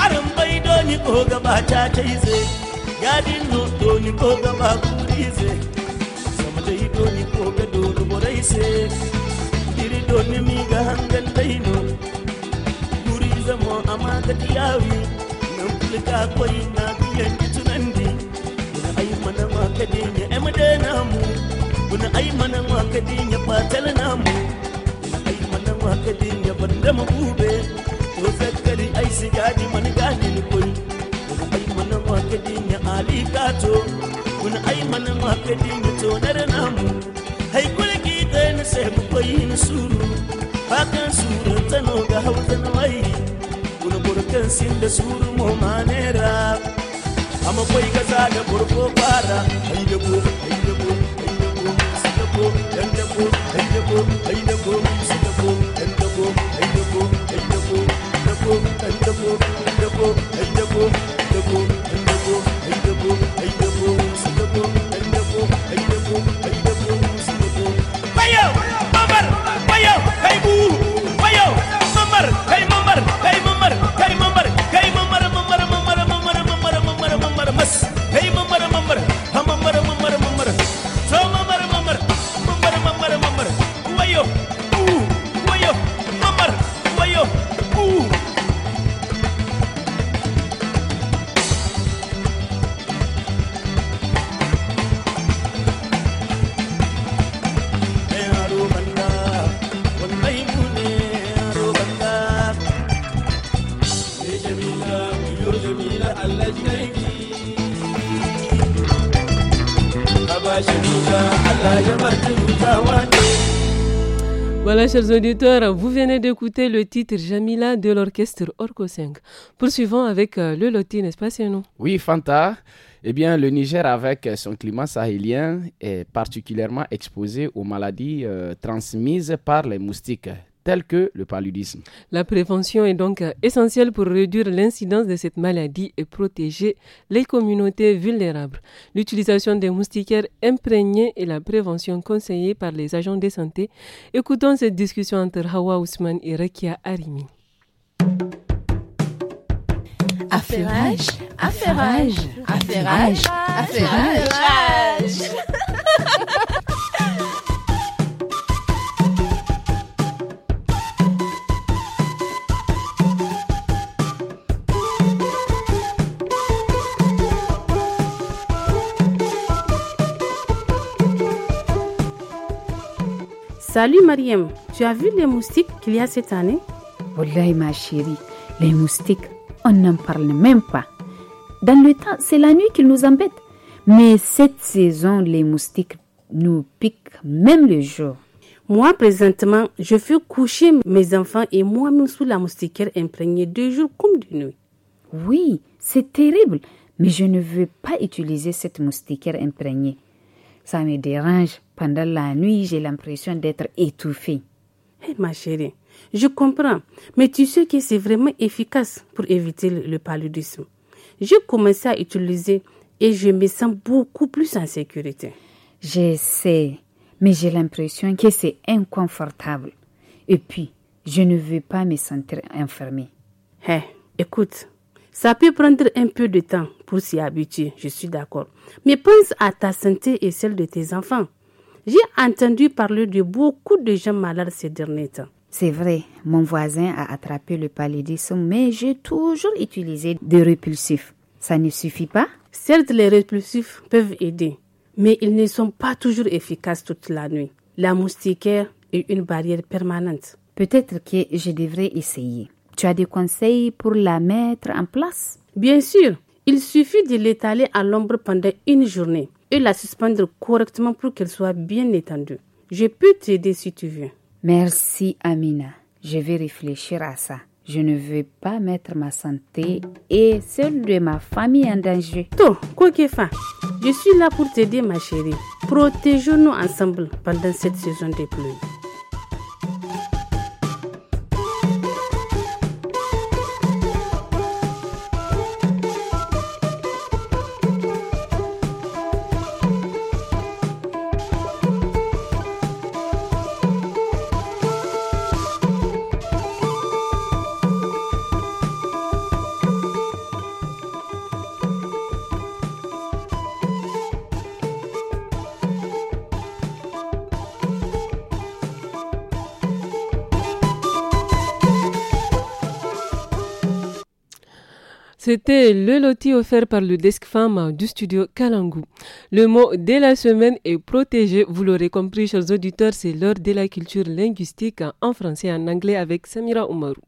O: aran bai doni ko gaba ta taize gadin no doni ko gaba kurize sama dai doni ko ga doni borai se diri doni mi ga hangan dai no guri zamo amma ga tiyawi mulka kwai na biyan tunan de guna ai mana ma ka de ne ai made namu guna ai mana ma ka de ne fatal namu guna ai mana ma ka de ne banda mu bube to zakari ai sigadi man gane ni koi guna ai mana ma ka de ne ali kato guna ai mana ma ka de ne tonar namu hai kulki da ne sai mu koyi ni suru hakan suru tano ga hausa na mai sin da surmo manera amma kwai da burko fara ai da ko ai da ko ai da ko da ko dan da ko ai da ko ai da ko da ko dan da ko ai da
H: ko ai da ko da ko dan da ko da ko ai da ko
B: chers auditeurs, vous venez d'écouter le titre Jamila de l'orchestre Orco 5. Poursuivons avec euh, le loti, n'est-ce pas, nous
A: Oui, Fanta. Eh bien, le Niger, avec son climat sahélien, est particulièrement exposé aux maladies euh, transmises par les moustiques, tels que le paludisme. La prévention est donc essentielle pour réduire
B: l'incidence de cette maladie et protéger les communautés vulnérables. L'utilisation des moustiquaires imprégnés et la prévention conseillée par les agents de santé. Écoutons cette discussion entre Hawa Ousmane et Rekia Arimi.
H: Affairage, affairage,
P: Salut Mariam, tu as vu les moustiques qu'il y a cette année Wallahi ma chérie, les moustiques, on n'en parle même pas. Dans le temps, c'est la nuit qu'ils nous embêtent. Mais cette saison, les moustiques nous piquent même le jour. Moi, présentement, je fais coucher mes enfants et moi-même sous la moustiquaire imprégnée de jours comme de nuit. Oui, c'est terrible, mais je ne veux pas utiliser cette moustiquaire imprégnée. Ça me dérange pendant la nuit, j'ai l'impression d'être étouffée. Hey, eh, ma chérie, je comprends, mais tu sais que c'est vraiment efficace pour éviter le, paludisme. J'ai commencé à utiliser et je me sens beaucoup plus en sécurité. Je sais, mais j'ai l'impression que c'est inconfortable. Et puis, je ne veux pas me sentir enfermée. Hé, eh, écoute, ça peut prendre un peu de temps pour s'y habituer, je suis d'accord. Mais pense à ta santé et celle de tes enfants. J'ai entendu parler de beaucoup de gens malades ces derniers temps. C'est vrai, mon voisin a attrapé le paludisme, mais j'ai toujours utilisé des répulsifs. Ça ne suffit pas Certes, les répulsifs peuvent aider, mais ils ne sont pas toujours efficaces toute la nuit. La moustiquaire est une barrière permanente. Peut-être que je devrais essayer. Tu as des conseils pour la mettre en place Bien sûr, il suffit de l'étaler à l'ombre pendant une journée et la suspendre correctement pour qu'elle soit bien étendue. Je peux t'aider si tu veux. Merci Amina. Je vais réfléchir à ça. Je ne veux pas mettre ma santé et celle de ma famille en danger. Toi, quoi que fa, je suis là pour t'aider ma chérie. Protégeons-nous ensemble pendant cette saison des pluies.
B: C'était le loti offert par le desk femme du studio Kalangu. Le mot de la semaine est protégé. Vous l'aurez compris, chers auditeurs, c'est l'heure de la culture linguistique
Q: en français et en anglais avec Samira Oumarou.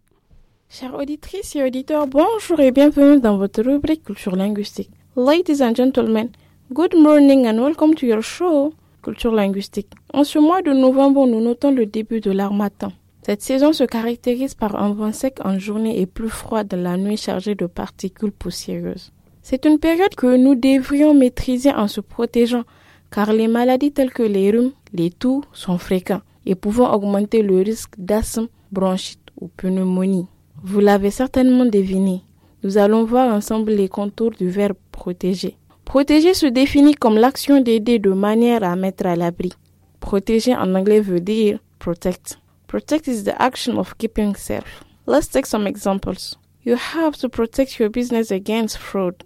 Q: Chers auditrices et auditeurs, bonjour et bienvenue dans votre rubrique culture linguistique. Ladies and gentlemen, good morning and welcome to your show culture linguistique. En ce mois de novembre, nous notons le début de l'Armatin. Cette saison se caractérise par un vent sec en journée et plus froid de la nuit chargé de particules poussiéreuses. C'est une période que nous devrions maîtriser en se protégeant, car les maladies telles que les rhumes, les toux sont fréquents et pouvant augmenter le risque d'asthme, bronchite ou pneumonie. Vous l'avez certainement deviné. Nous allons voir ensemble les contours du verbe protéger. Protéger se définit comme l'action d'aider de manière à mettre à l'abri. Protéger en anglais veut dire protect. Protect is the action of keeping safe. Let's take some examples. You have to protect your business against fraud.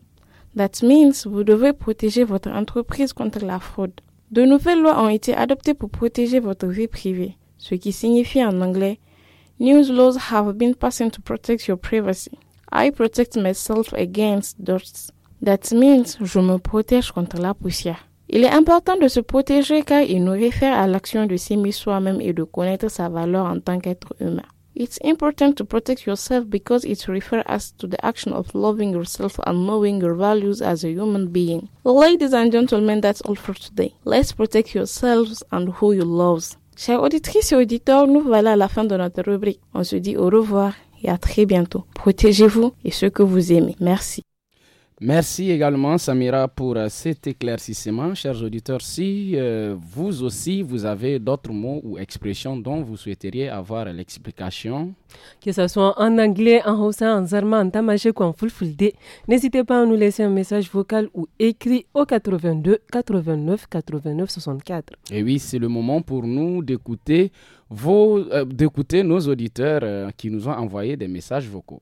Q: That means vous devez protéger votre entreprise contre la fraude. De nouvelles lois ont été adoptées pour protéger votre vie privée, ce qui signifie en anglais New laws have been passed to protect your privacy. I protect myself against dust. That means je me protège contre la poussière. Il est important de se protéger car il nous réfère à l'action de s'aimer soi-même et de connaître sa valeur en tant qu'être humain. It's important to protect yourself because it refers us to the action of loving yourself and knowing your values as a human being. Ladies and gentlemen, that's all for today. Let's protect yourselves and who you love. Chers auditrices et auditeurs, nous voilà à la fin de notre rubrique. On se dit au revoir et à très bientôt. Protégez-vous et ceux que vous aimez. Merci.
A: Merci également Samira pour euh, cet éclaircissement. Chers auditeurs, si euh, vous aussi vous avez d'autres mots ou expressions dont vous souhaiteriez avoir l'explication,
B: que ce soit en anglais, en haussin, en zarma, en tamashek ou en fulfulde, n'hésitez pas à nous laisser un message vocal ou écrit au 82 89 89 64.
A: Et oui, c'est le moment pour nous d'écouter euh, d'écouter nos auditeurs qui nous ont envoyé des messages vocaux.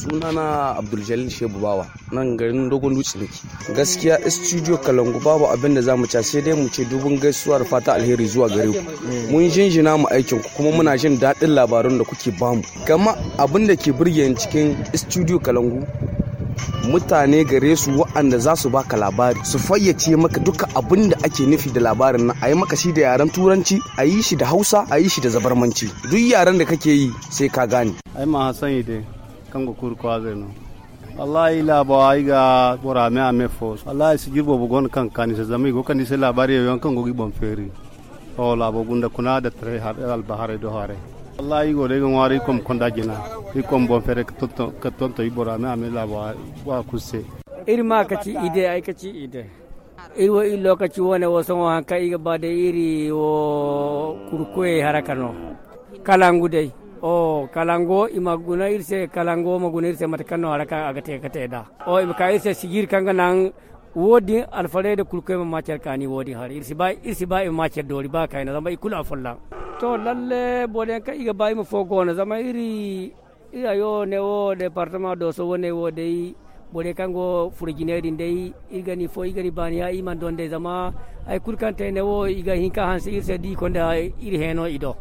A: sunana abdulljalil shebu bawa nan garin dogon dutse ne gaskiya studio kalangu babu abin da zamu ca sai dai mu ce dubun gaisuwa da fata alheri zuwa gare ku mun jinjina mu aikin ku kuma muna jin daɗin labarun da kuke bamu gama abin da ke burge cikin studio kalangu mutane gare su wa'anda za su baka labari su fayyace maka duka abin da ake nufi da labarin nan a yi maka shi da yaren turanci a yi shi da hausa a yi shi da zabarmanci duk yaren da kake yi sai ka gane
F: ai ma yi dai kan go kur kwaze no wallahi labawa ga bora me ame fos wallahi si jirbo bugon kan kani se zami go kani se bari yo kan go gibon feri o bo gunda kuna da tre har al bahare do hare wallahi go le go wari kom konda jina i kom bon fere tonto ka tonto i bora me ame labawa
A: wa kusse
O: iri ma ci ide ka ci ide iri wa lokaci wani so
K: wa hanka iga ba da iri wo kurkoye harakano kalangu dai o kalango ima guna irse kalango ma guna irse matakanno haraka agate kate da o ima ka irse sigir kanga nan wodi da kulkoy ma macer kani wodi har irse ba irse bai ima macer dori ba na zama ikulu afolla to lalle boden ka iga bai ima fogo na zama iri iya yo ne wo departement do so wo ne wo dei bore kango furgineri ndei igani fo igani baniya iman don donde zama ay kulkante ne wo iga hinka hansi irse di konda iri heno ido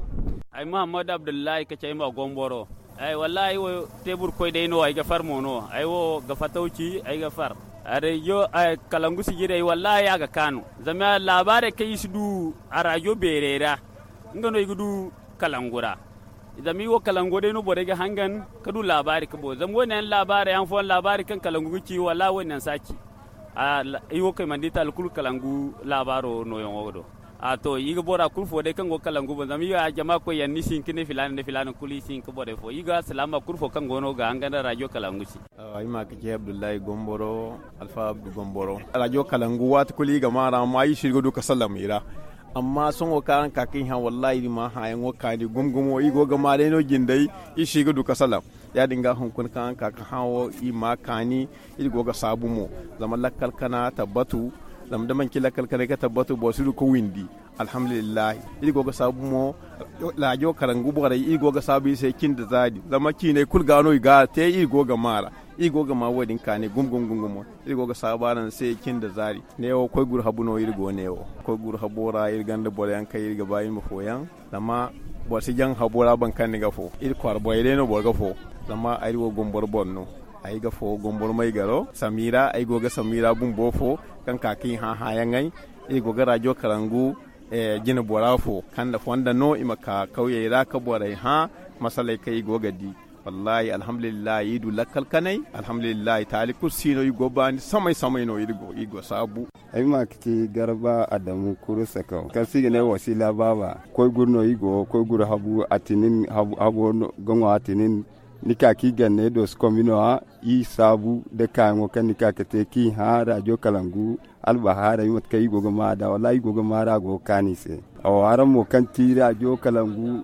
O: ay muhammad abdullahi ka cayma gomboro ay wallahi wo tebur koy de no ay ga far mono ay wo ga fatawci ay ga far are yo ay kalangu si jire wallahi aga kanu zama labare kay isdu arajo berera ngano igudu kalangura mi wo kalango dai no ga hangan kadu labari ka bo zam wonen labari an fon labari kan kalangu ki wala wonen saki a iwo kai mandita al kul kalangu labaro no yon do a to yiga bora kul fo de kango kalangu bo zam ya jama ko yan ni sin kine filan ne filan kuli sin ko bore fo ga salama kul fo kango no ga da radio kalangu si
R: ay ma ke abdullahi gomboro alfa abdu gomboro radio kalangu wat kuli ga mara mai yi shirgo du kasallamira amma sun wa karan kakin ha wallahi ma hayan wa kani gumgumo i goga ma dai no gindai i shiga duka salam ya dinga hunkun kan kakin ha wa i ma kani i goga sabu mo zama lakkal kana tabbatu zama da man kila kana ka tabbatu bo su ko windi alhamdulillah i goga sabu mo la jo karangu bore i goga sabu sai kin da zadi zama kine kul gano i ga te i goga mara igo ga wadin kane gum gum gum gum igo ga sabaran sai kin da zari ne wo koy gur habu no irgo ne wo koy gur habora irgan da bolyan kai irga bayin mu foyan lama borsi jan habora ban kan ga fo ir kwar boyre no ga fo lama ari wo gombor bonno ai ga fo gombor mai garo samira ai goga samira bun bofo kan kin ha ha yangai igo ga rajo karangu e jina fo kan da fonda no ima ka kauye ra ka borai ha masalai kai go di. wallahi alhamdulillah yidu lakkal kanai alhamdulillah tali kursino yi gobani samai samai no yi go sabu ai ma kiti garba adamu kuru sakau kasi ne wasila baba koi gurno igo koi gur habu atinin habu habu gongo atinin nika ki ganne dos skomino ha i sabu de kango kan nika kete ki ha radio kalangu albahara yi go igo da wallahi igo gomara go kanise awaran mo kan ti radio kalangu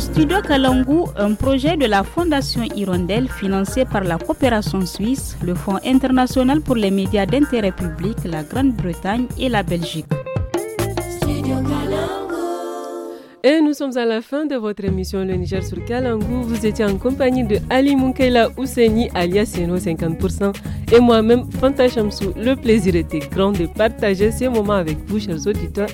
S: studio Kalangu, un projet
C: de la Fondation Hirondelle financé par la coopération suisse, le Fonds international pour
B: les médias d'intérêt public, la Grande-Bretagne et la Belgique. Et nous sommes à la fin de votre émission Le Niger sur Kalangu. Vous étiez en compagnie de Ali Munkela Ouseni alias Eno 50% et moi-même Fanta Chamsou. Le plaisir était grand de partager ces moments avec vous, chers auditeurs.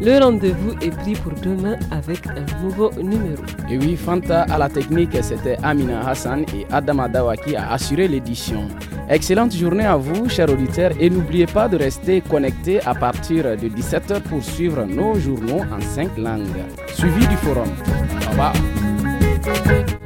B: Le rendez-vous est pris pour demain avec un nouveau numéro.
A: Et oui, Fanta à la technique, c'était Amina Hassan et Adama Dawaki qui a assuré l'édition. Excellente journée à vous, chers auditeurs, et n'oubliez pas de rester connectés à partir de 17h pour suivre nos journaux en 5 langues, suivi du forum. Au revoir.